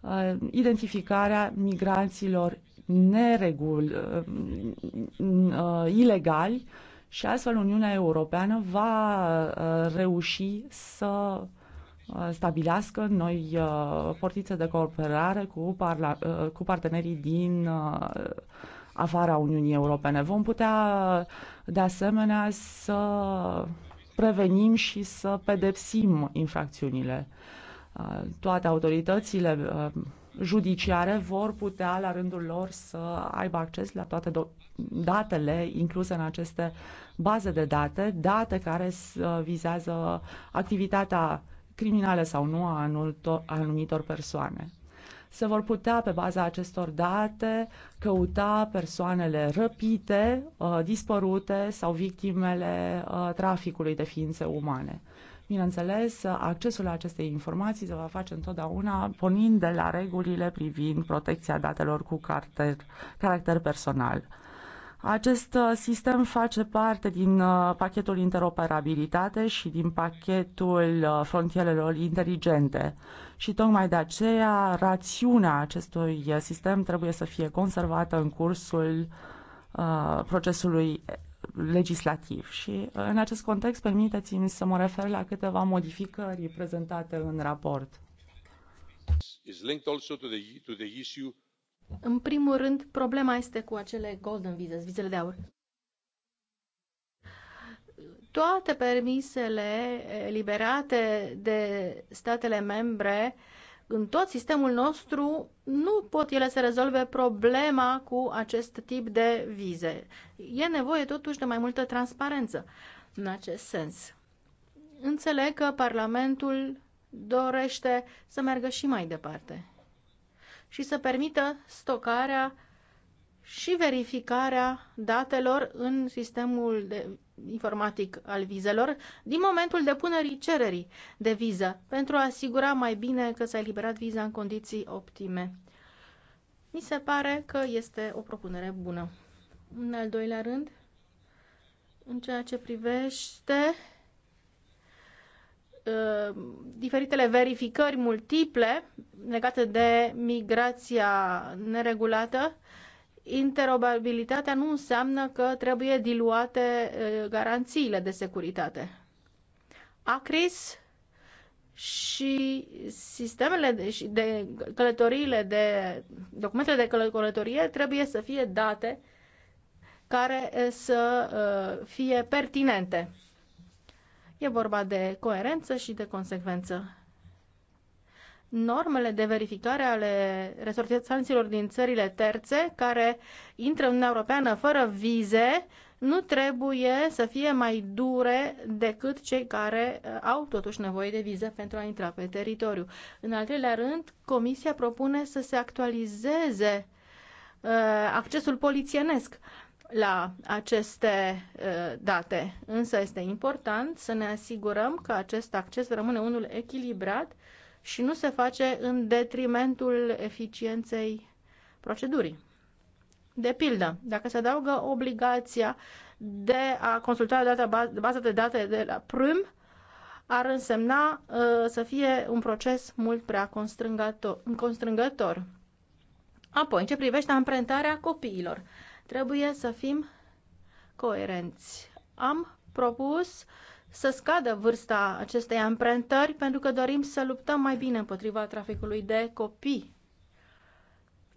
uh, identificarea migranților neregul, uh, uh, ilegali și astfel Uniunea Europeană va uh, reuși să uh, stabilească noi portițe de cooperare cu, parla- cu partenerii din afara Uniunii Europene. Vom putea, de asemenea, să prevenim și să pedepsim infracțiunile. Toate autoritățile uh, judiciare vor putea, la rândul lor, să aibă acces la toate datele incluse în aceste baze de date, date care uh, vizează activitatea criminală sau nu a anumitor persoane se vor putea, pe baza acestor date, căuta persoanele răpite, uh, dispărute sau victimele uh, traficului de ființe umane. Bineînțeles, accesul la aceste informații se va face întotdeauna pornind de la regulile privind protecția datelor cu caracter, caracter personal. Acest uh, sistem face parte din uh, pachetul interoperabilitate și din pachetul uh, frontierelor inteligente și tocmai de aceea rațiunea acestui sistem trebuie să fie conservată în cursul uh, procesului legislativ și în acest context permiteți-mi să mă refer la câteva modificări prezentate în raport. Is linked also to the, to the issue în primul rând, problema este cu acele golden visas, vizele de aur. Toate permisele eliberate de statele membre în tot sistemul nostru nu pot ele să rezolve problema cu acest tip de vize. E nevoie totuși de mai multă transparență în acest sens. Înțeleg că Parlamentul dorește să meargă și mai departe și să permită stocarea și verificarea datelor în sistemul de informatic al vizelor din momentul depunerii cererii de viză pentru a asigura mai bine că s-a eliberat viza în condiții optime. Mi se pare că este o propunere bună. În al doilea rând, în ceea ce privește Uh, diferitele verificări multiple legate de migrația neregulată, interoperabilitatea nu înseamnă că trebuie diluate uh, garanțiile de securitate. ACRIS și sistemele de, de călătoriile de documentele de călătorie trebuie să fie date care uh, să fie pertinente. E vorba de coerență și de consecvență. Normele de verificare ale resortisanților din țările terțe care intră în Uniunea Europeană fără vize nu trebuie să fie mai dure decât cei care uh, au totuși nevoie de viză pentru a intra pe teritoriu. În al treilea rând, Comisia propune să se actualizeze uh, accesul polițienesc la aceste uh, date. Însă este important să ne asigurăm că acest acces rămâne unul echilibrat și nu se face în detrimentul eficienței procedurii. De pildă, dacă se adaugă obligația de a consulta data, bază de date de la PRIM, ar însemna uh, să fie un proces mult prea constrângător. Apoi, în ce privește amprentarea copiilor, uh, Trebuie să fim coerenți. Am propus să scadă vârsta acestei amprentări pentru că dorim să luptăm mai bine împotriva traficului de copii.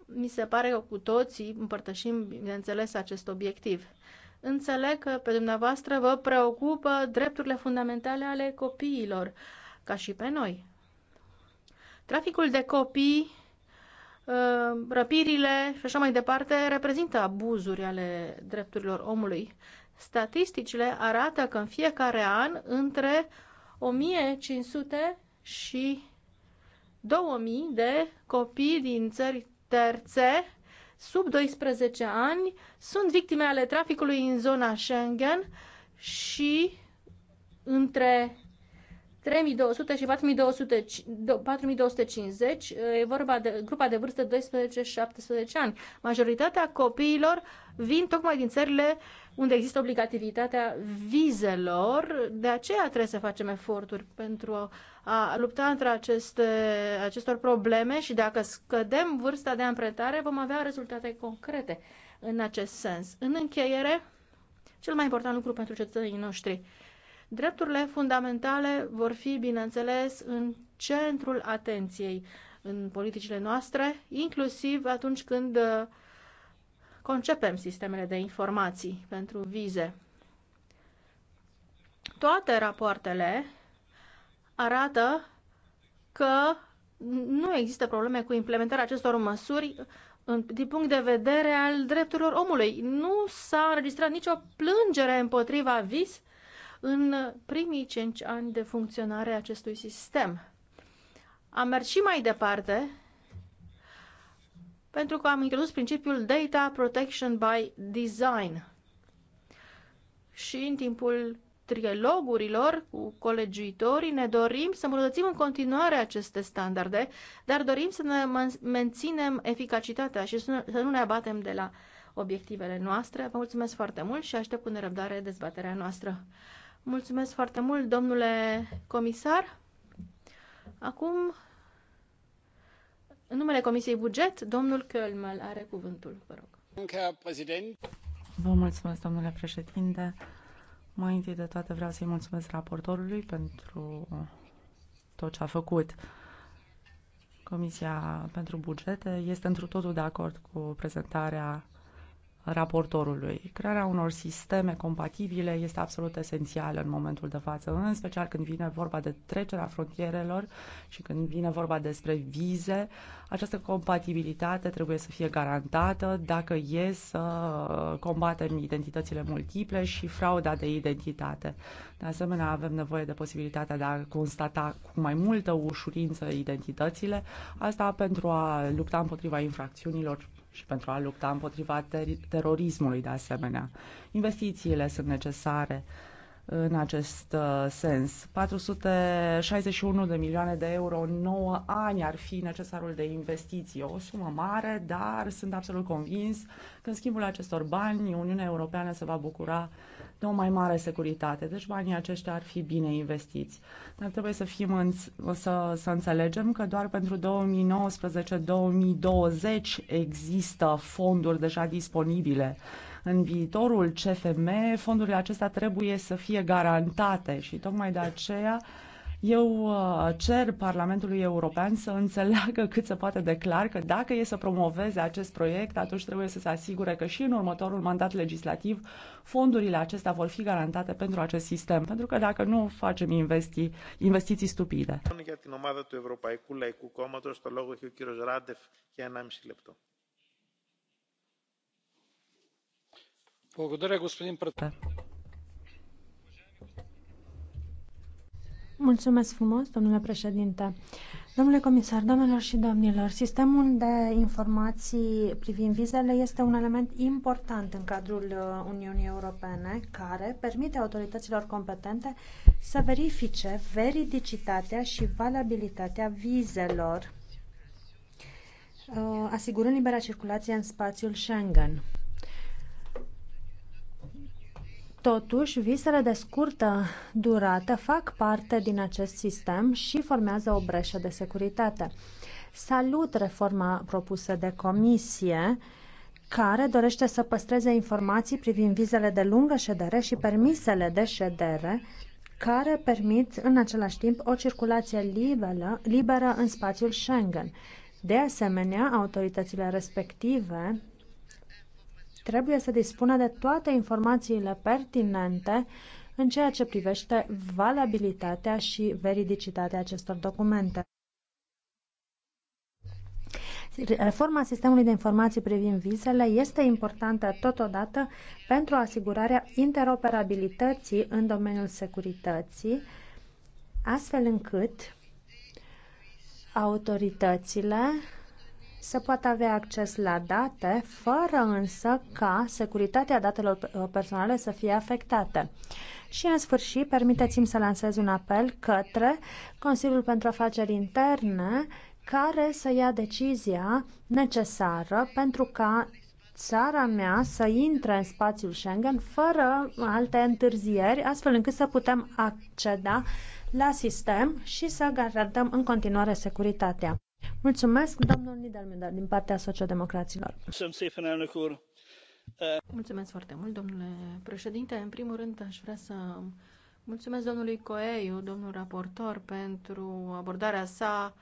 Mi se pare că cu toții împărtășim, bineînțeles, acest obiectiv. Înțeleg că pe dumneavoastră vă preocupă drepturile fundamentale ale copiilor, ca și pe noi. Traficul de copii Uh, răpirile și așa mai departe reprezintă abuzuri ale drepturilor omului. Statisticile arată că în fiecare an între 1500 și 2000 de copii din țări terțe sub 12 ani sunt victime ale traficului în zona Schengen și între 3200 și 4250, e vorba de grupa de vârstă 12-17 ani. Majoritatea copiilor vin tocmai din țările unde există obligativitatea vizelor, de aceea trebuie să facem eforturi pentru a lupta între aceste, acestor probleme și dacă scădem vârsta de amprentare vom avea rezultate concrete în acest sens. În încheiere, cel mai important lucru pentru cetățenii noștri Drepturile fundamentale vor fi, bineînțeles, în centrul atenției în politicile noastre, inclusiv atunci când uh, concepem sistemele de informații pentru vize. Toate rapoartele arată că nu există probleme cu implementarea acestor măsuri în, din punct de vedere al drepturilor omului. Nu s-a înregistrat nicio plângere împotriva vis în primii cinci ani de funcționare a acestui sistem. Am mers și mai departe pentru că am introdus principiul Data Protection by Design și în timpul trilogurilor cu colegiuitorii ne dorim să îmbunătățim în continuare aceste standarde, dar dorim să ne menținem eficacitatea și să nu ne abatem de la obiectivele noastre. Vă mulțumesc foarte mult și aștept cu nerăbdare dezbaterea noastră. Mulțumesc foarte mult, domnule comisar. Acum, în numele Comisiei Buget, domnul Kölmel are cuvântul, vă rog. Vă mulțumesc, domnule președinte. Mai întâi de toate vreau să-i mulțumesc raportorului pentru tot ce a făcut. Comisia pentru bugete este întru totul de acord cu prezentarea raportorului. Crearea unor sisteme compatibile este absolut esențială în momentul de față, în special când vine vorba de trecerea frontierelor și când vine vorba despre vize. Această compatibilitate trebuie să fie garantată dacă e să combatem identitățile multiple și frauda de identitate. De asemenea, avem nevoie de posibilitatea de a constata cu mai multă ușurință identitățile, asta pentru a lupta împotriva infracțiunilor și pentru a lupta împotriva ter- terorismului de asemenea. Investițiile sunt necesare în acest uh, sens. 461 de milioane de euro în 9 ani ar fi necesarul de investiții. O sumă mare, dar sunt absolut convins că în schimbul acestor bani Uniunea Europeană se va bucura uh, de o mai mare securitate. Deci banii aceștia ar fi bine investiți. Dar trebuie să fim în, să, să înțelegem că doar pentru 2019-2020 există fonduri deja disponibile în viitorul CFM fondurile acestea trebuie să fie garantate și tocmai de aceea eu uh, cer Parlamentului European să înțeleagă cât se poate de clar că dacă e să promoveze acest proiect, atunci trebuie să se asigure că și în următorul mandat legislativ fondurile acestea vor fi garantate pentru acest sistem, pentru că dacă nu facem investi, investiții stupide. Благодаря, господин председател. Mulțumesc frumos, domnule președinte. Domnule comisar, domnilor și domnilor, sistemul de informații privind vizele este un element important în cadrul uh, Uniunii Europene care permite autorităților competente să verifice veridicitatea și valabilitatea vizelor, uh, asigurând libera circulație în spațiul Schengen. Totuși, visele de scurtă durată fac parte din acest sistem și formează o breșă de securitate. Salut reforma propusă de comisie care dorește să păstreze informații privind vizele de lungă ședere și permisele de ședere care permit în același timp o circulație liberă, liberă în spațiul Schengen. De asemenea, autoritățile respective trebuie să dispună de toate informațiile pertinente în ceea ce privește valabilitatea și veridicitatea acestor documente. Reforma sistemului de informații privind vizele este importantă totodată pentru asigurarea interoperabilității în domeniul securității, astfel încât autoritățile să poată avea acces la date, fără însă ca securitatea datelor personale să fie afectată. Și, în sfârșit, permiteți-mi să lansez un apel către Consiliul pentru Afaceri Interne, care să ia decizia necesară pentru ca țara mea să intre în spațiul Schengen fără alte întârzieri, astfel încât să putem acceda la sistem și să garantăm în continuare securitatea. Mulțumesc, domnul Nidalmendar, din partea sociodemocraților. Eh. Mulțumesc foarte mult, domnule președinte. În primul rând, aș vrea să mulțumesc domnului Coeiu, domnul raportor, pentru abordarea sa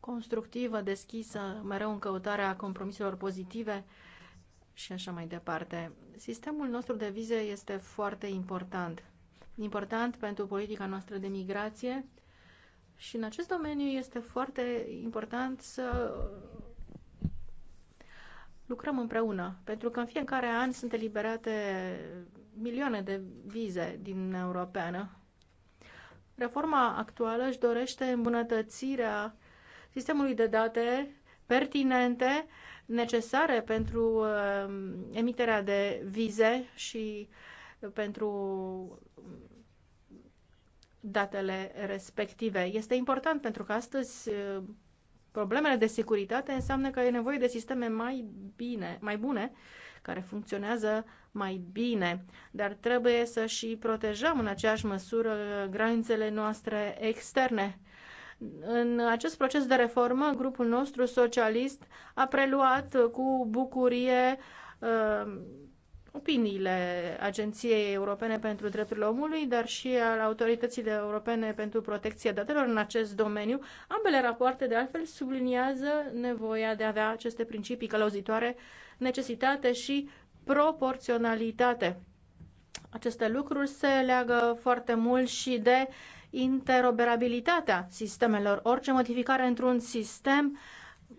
constructivă, deschisă, mereu în căutarea compromisurilor pozitive și așa mai departe. Sistemul nostru de vize este foarte important. Important pentru politica noastră de migrație, și în acest domeniu este foarte important să lucrăm împreună, pentru că în fiecare an sunt eliberate milioane de vize din Europeană. Reforma actuală își dorește îmbunătățirea sistemului de date pertinente, necesare pentru uh, emiterea de vize și pentru datele respective. Este important pentru că astăzi uh, problemele de securitate înseamnă că e nevoie de sisteme mai bine, mai bune, care funcționează mai bine, dar trebuie să și protejăm în aceeași măsură granițele noastre externe. În acest proces de reformă, grupul nostru socialist a preluat cu bucurie uh, opiniile Agenției Europene pentru Drepturile Omului, dar și al Autorității Europene pentru Protecția Datelor în acest domeniu. Ambele rapoarte, de altfel, subliniază nevoia de a avea aceste principii călăuzitoare, necesitate și proporționalitate. Aceste lucruri se leagă foarte mult și de interoperabilitatea sistemelor. Orice modificare într-un sistem uh,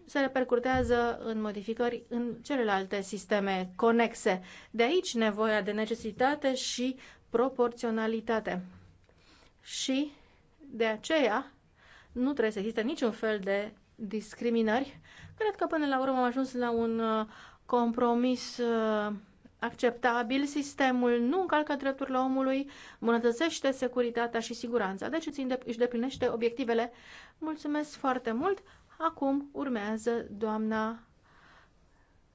se repercutează în modificări în celelalte sisteme conexe. De aici nevoia de necesitate și proporționalitate. Și de aceea nu trebuie să existe niciun fel de discriminări. Cred că până la urmă am ajuns la un uh, compromis uh, acceptabil. Sistemul nu încalcă drepturile omului, îmbunătățește securitatea și siguranța, deci își îndeplinește obiectivele. Mulțumesc foarte mult! Acum urmează doamna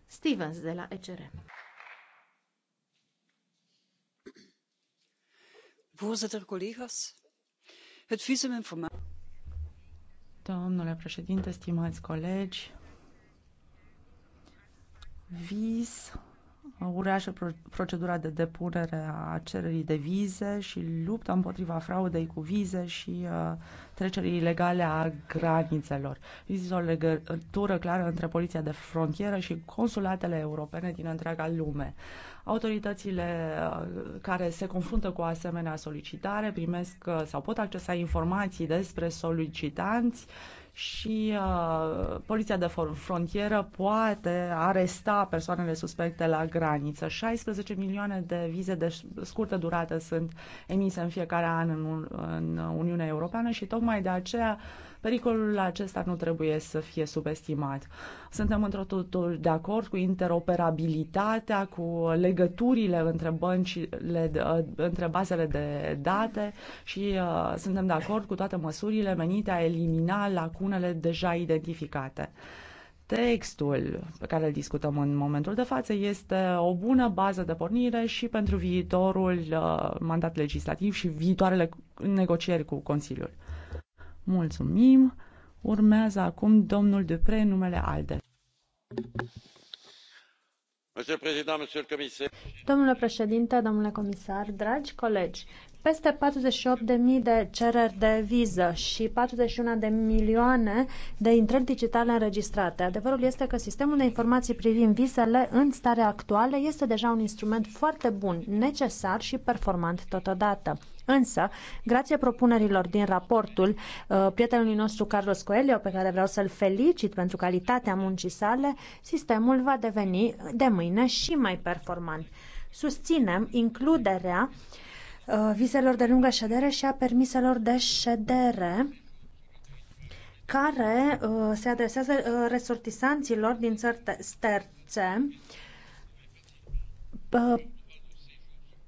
Stevens de la ECR. Voorzitter, collega's, het visuminformatie. Domnule președinte, stimați colegi, vis uriașă procedura de depunere a cererii de vize și lupta împotriva fraudei cu vize și uh, trecerii ilegale a granițelor. Există o legătură clară între poliția de frontieră și consulatele europene din întreaga lume. Autoritățile uh, care se confruntă cu o asemenea solicitare primesc uh, sau pot accesa informații despre solicitanți uh, și uh, poliția de frontieră poate aresta persoanele suspecte la graniță. 16 milioane de vize de scurtă durată sunt emise în fiecare an în, în Uniunea Europeană și tocmai de aceea uh, Pericolul acesta nu trebuie să fie subestimat. Suntem într-o totul de acord cu interoperabilitatea, cu legăturile între băncile, uh, între bazele de date și uh, suntem de acord cu toate măsurile menite a elimina lacunele deja identificate. Textul pe care îl discutăm în momentul de față este o bună bază de pornire și pentru viitorul uh, mandat legislativ și viitoarele negocieri cu Consiliul. Mulțumim. Urmează acum domnul Dupre, numele ALDE. Domnule președinte, domnule comisar, dragi colegi, peste 48.000 de cereri de viză și 41 de milioane de intrări digitale înregistrate. Adevărul este că sistemul de informații privind vizele în starea actuală este deja un instrument foarte bun, necesar și performant totodată. Însă, grație propunerilor din raportul uh, prietenului nostru Carlos Coelho, pe care vreau să-l felicit pentru calitatea muncii sale, sistemul va deveni de mâine și mai performant. Susținem includerea uh, vizelor de lungă ședere și a permiselor de ședere care uh, se adresează uh, resortisanților din țări terțe uh,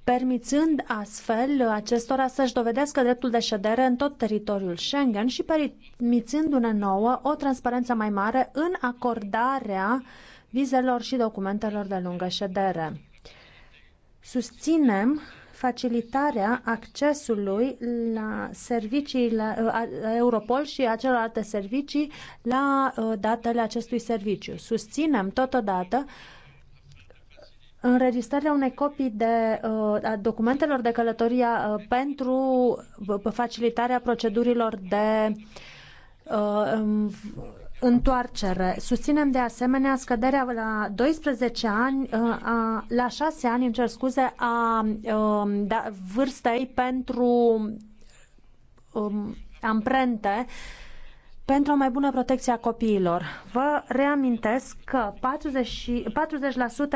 permițând astfel acestora să-și dovedească dreptul de ședere în tot teritoriul Schengen și permițându-ne nouă o transparență mai mare în acordarea vizelor și documentelor de lungă ședere. Susținem facilitarea accesului la serviciile la Europol și a celorlalte servicii la uh, datele acestui serviciu. Susținem totodată uh, înregistrarea unei copii de, uh, a documentelor de călătorie uh, pentru uh, facilitarea procedurilor de um, întoarcere. Susținem de asemenea scăderea la 12 ani, a, la 6 ani, îmi cer scuze, a um, da, vârstei pentru um, amprente pentru o mai bună protecție a copiilor. Vă reamintesc că 40, 40%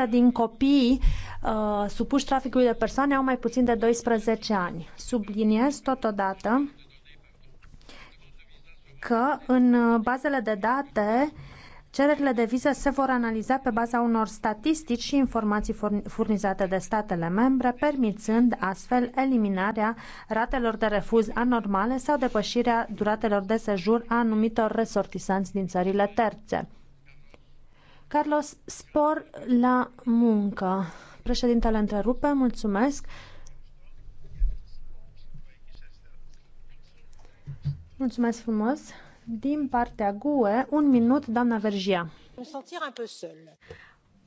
din copiii uh, supuși traficului de persoane au mai puțin de 12 ani. Subliniez totodată că în bazele de date uh, Cererile de viză se vor analiza pe baza unor statistici și informații furnizate de statele membre, permițând astfel eliminarea ratelor de refuz anormale sau depășirea duratelor de sejur a anumitor resortisanți din țările terțe. Carlos, spor la muncă. Președintele întrerupe, mulțumesc. Mulțumesc frumos. Din partea GUE, un minut, doamna Vergia.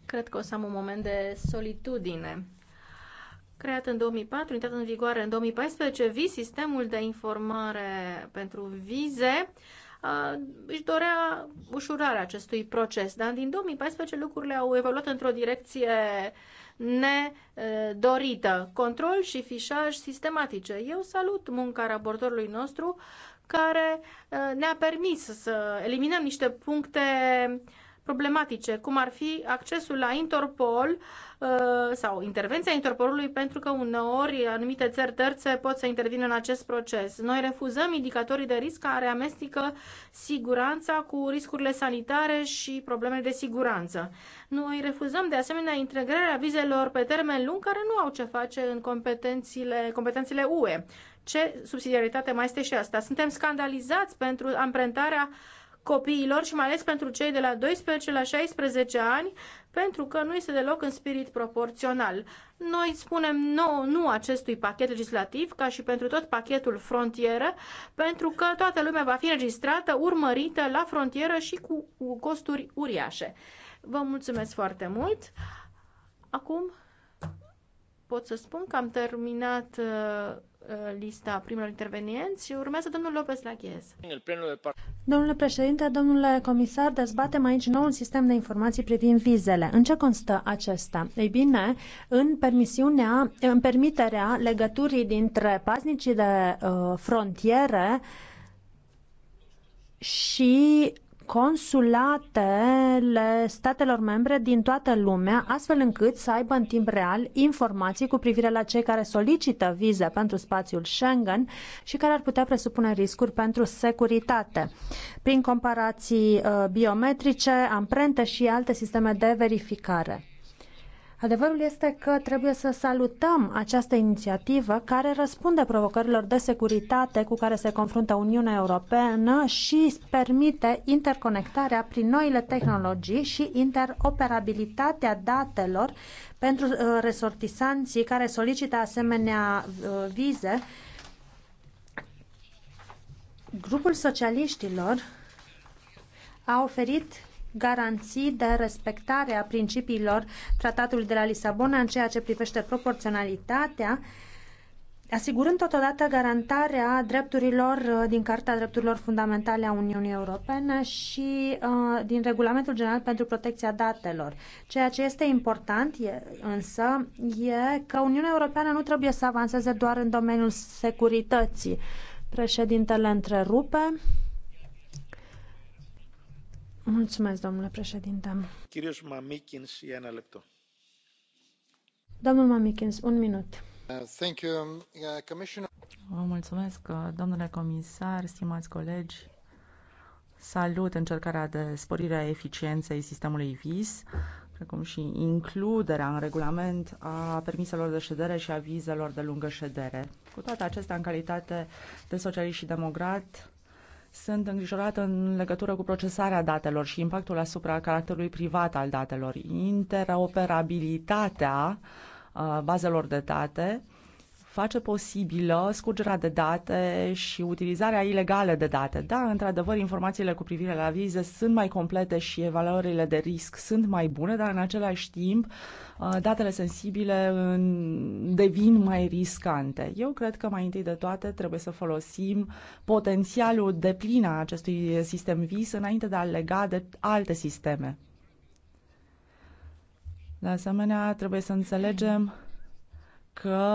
Cred că o să am un moment de solitudine. Creat în 2004, intrat în vigoare în 2014, VI, sistemul de informare pentru vize, își dorea ușurarea acestui proces, dar din 2014 lucrurile au evoluat într-o direcție nedorită. Control și fișaj sistematice. Eu salut munca raportorului nostru care uh, ne-a permis să eliminăm niște puncte problematice, cum ar fi accesul la Interpol uh, sau intervenția Interpolului, pentru că uneori anumite țări terțe pot să intervină în acest proces. Noi refuzăm indicatorii de risc care amestecă siguranța cu riscurile sanitare și problemele de siguranță. Noi refuzăm de asemenea integrarea vizelor pe termen lung care nu au ce face în competențile, competențele UE ce subsidiaritate mai este și asta? Suntem scandalizați pentru amprentarea copiilor și mai ales pentru cei de la 12 la 16 ani, pentru că nu este deloc în spirit proporțional. Noi spunem nou, nu acestui pachet legislativ, ca și pentru tot pachetul frontieră, pentru că toată lumea va fi registrată, urmărită la frontieră și cu, cu costuri uriașe. Vă mulțumesc foarte mult! Acum pot să spun că am terminat uh, Uh, lista primilor intervenienți și urmează domnul Lopez Lachiez. Domnule președinte, domnule comisar, dezbatem aici noul sistem de informații privind vizele. În ce constă acesta? Ei bine, în, permisiunea, în permiterea legăturii dintre paznicii de uh, frontiere și consulatele statelor membre din toată lumea, astfel încât să aibă în timp real informații cu privire la cei care solicită vize pentru spațiul Schengen și care ar putea presupune riscuri pentru securitate. Prin comparații uh, biometrice, amprente și alte sisteme de verificare. Adevărul este că trebuie să salutăm această inițiativă care răspunde provocărilor de securitate cu care se confruntă Uniunea Europeană și permite interconectarea prin noile tehnologii și interoperabilitatea datelor pentru uh, resortisanții care solicită asemenea uh, vize. Grupul socialiștilor a oferit garanții de respectare a principiilor Tratatului de la Lisabona în ceea ce privește proporționalitatea, asigurând totodată garantarea drepturilor uh, din Carta Drepturilor Fundamentale a Uniunii Europene și uh, din Regulamentul General pentru Protecția Datelor. Ceea ce este important e, însă e că Uniunea Europeană nu trebuie să avanseze doar în domeniul securității. Președintele întrerupe. Mulțumesc, domnule președinte. Chirios Mamikins, un lepto. Domnul Mamikins, un minut. Uh, thank you, um, uh, Commissioner. Vă mulțumesc, uh, domnule comisar, stimați colegi. Salut încercarea de sporire a eficienței sistemului VIS, precum și includerea în regulament a permiselor de ședere și a vizelor de lungă ședere. Cu toate acestea, în calitate de socialist și democrat, sunt îngrijorată în legătură cu procesarea datelor și impactul asupra caracterului privat al datelor, interoperabilitatea uh, bazelor de date face posibilă scurgerea de date și utilizarea ilegală de date. Da, într-adevăr, informațiile cu privire la vize sunt mai complete și evaluările de risc sunt mai bune, dar în același timp uh, datele sensibile devin mai riscante. Eu cred că mai întâi de toate trebuie să folosim potențialul de plin a acestui sistem vis înainte de a lega de alte sisteme. De asemenea, trebuie să înțelegem că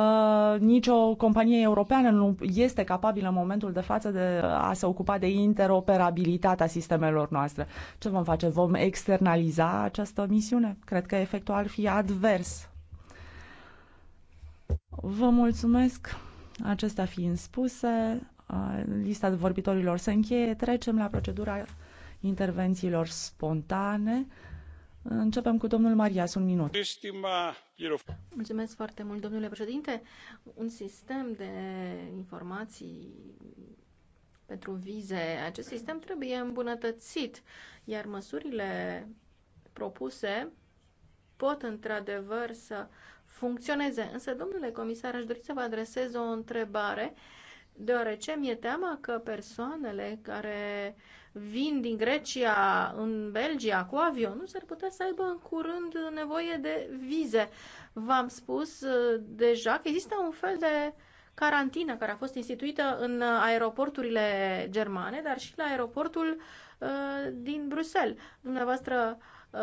nicio companie europeană nu este capabilă în momentul de față de a se ocupa de interoperabilitatea sistemelor noastre. Ce vom face? Vom externaliza această misiune? Cred că efectul ar fi advers. Vă mulțumesc. Acestea fiind spuse, lista de vorbitorilor se încheie. Trecem la procedura intervențiilor spontane. Începem cu domnul Marias, un minut. Mulțumesc foarte mult, domnule președinte. Un sistem de informații pentru vize, acest sistem trebuie îmbunătățit, iar măsurile propuse pot într-adevăr să funcționeze. Însă, domnule comisar, aș dori să vă adresez o întrebare, deoarece mi-e teamă că persoanele care uh, vin din Grecia în Belgia cu avionul, s-ar putea să aibă în curând nevoie de vize. V-am spus uh, deja că există un fel de carantină care a fost instituită în aeroporturile germane, dar și la aeroportul uh, din Bruxelles. Dumneavoastră, uh,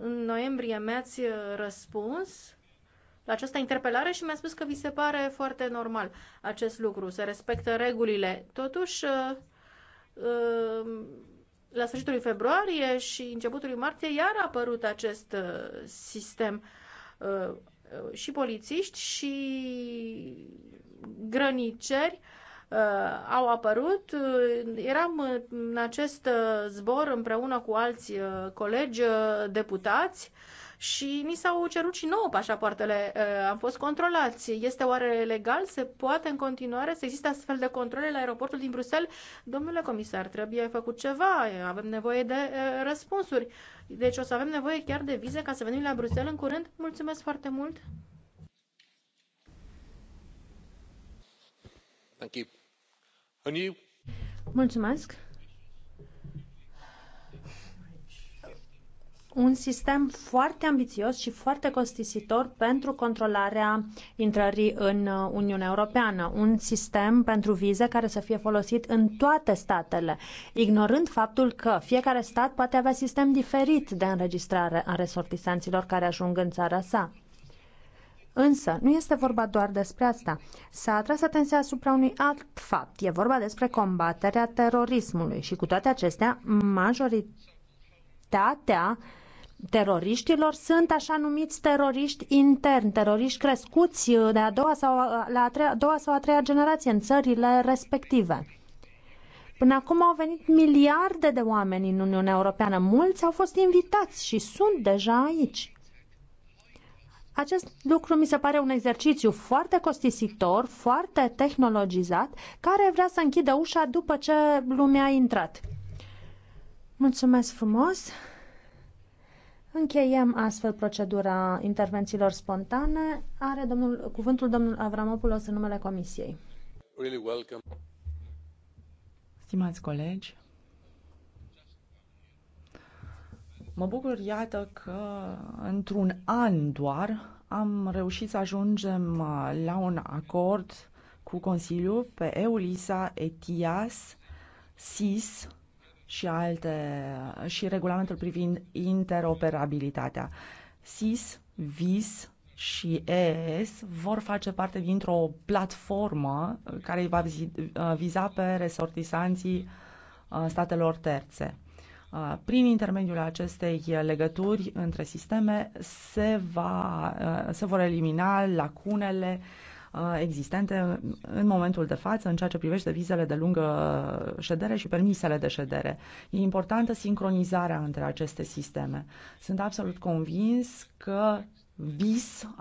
în noiembrie mi-ați răspuns la această interpelare și mi-a spus că vi se pare foarte normal acest lucru, se respectă regulile. Totuși, Ehm, la sfârșitul februarie și începutul martie iar a apărut acest uh, sistem uh, și polițiști și grăniceri uh, au apărut. Eram în acest zbor împreună cu alți colegi deputați și ni s-au cerut și nouă pașapoartele, uh, am fost controlați. Este oare legal? Se poate în continuare să existe astfel de controle la aeroportul din Bruxelles? Domnule comisar, trebuie făcut ceva, avem nevoie de uh, răspunsuri. Deci o să avem nevoie chiar de vize ca să venim la Bruxelles în curând. Mulțumesc foarte mult! Thank you. Mulțumesc! un sistem foarte ambițios și foarte costisitor pentru controlarea intrării în Uniunea Europeană, un sistem pentru vize care să fie folosit în toate statele, ignorând faptul că fiecare stat poate avea sistem diferit de înregistrare a resortisanților care ajung în țara sa. Însă, nu este vorba doar despre asta. S-a atras atenția asupra unui alt fapt. E vorba despre combaterea terorismului și cu toate acestea, majoritatea teroriștilor sunt așa numiți teroriști interni, teroriști crescuți de a doua sau, la a, treia, a doua sau a treia generație în țările respective. Până acum au venit miliarde de oameni în Uniunea Europeană. Mulți au fost invitați și sunt deja aici. Acest lucru mi se pare un exercițiu foarte costisitor, foarte tehnologizat, care vrea să închidă ușa după ce lumea a intrat. Mulțumesc frumos! Încheiem astfel procedura intervențiilor spontane. Are domnul, cuvântul domnul Avramopoulos în numele Comisiei. Really welcome. Stimați colegi, mă bucur, iată, că într-un an doar am reușit să ajungem uh, la un acord cu Consiliul pe EULISA, ETIAS, SIS, și alte și regulamentul privind interoperabilitatea. SIS, VIS și ES vor face parte dintr-o platformă care va uh, viza pe resortisanții uh, statelor terțe. Uh, prin intermediul acestei legături între sisteme se, va, se vor elimina lacunele uh, Uh, existente în momentul de față în ceea ce privește vizele de lungă ședere și permisele de ședere. E importantă sincronizarea între aceste sisteme. Sunt absolut convins că VIS